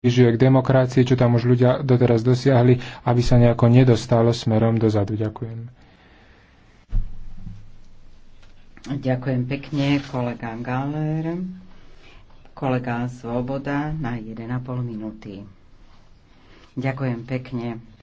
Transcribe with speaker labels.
Speaker 1: približuje k demokracii, čo tam už ľudia doteraz dosiahli, aby sa nejako nedostalo smerom dozadu.
Speaker 2: Ďakujem.
Speaker 3: Ďakujem pekne, kolega Galler. Kolega Svoboda na 1,5 minúty. Ďakujem pekne.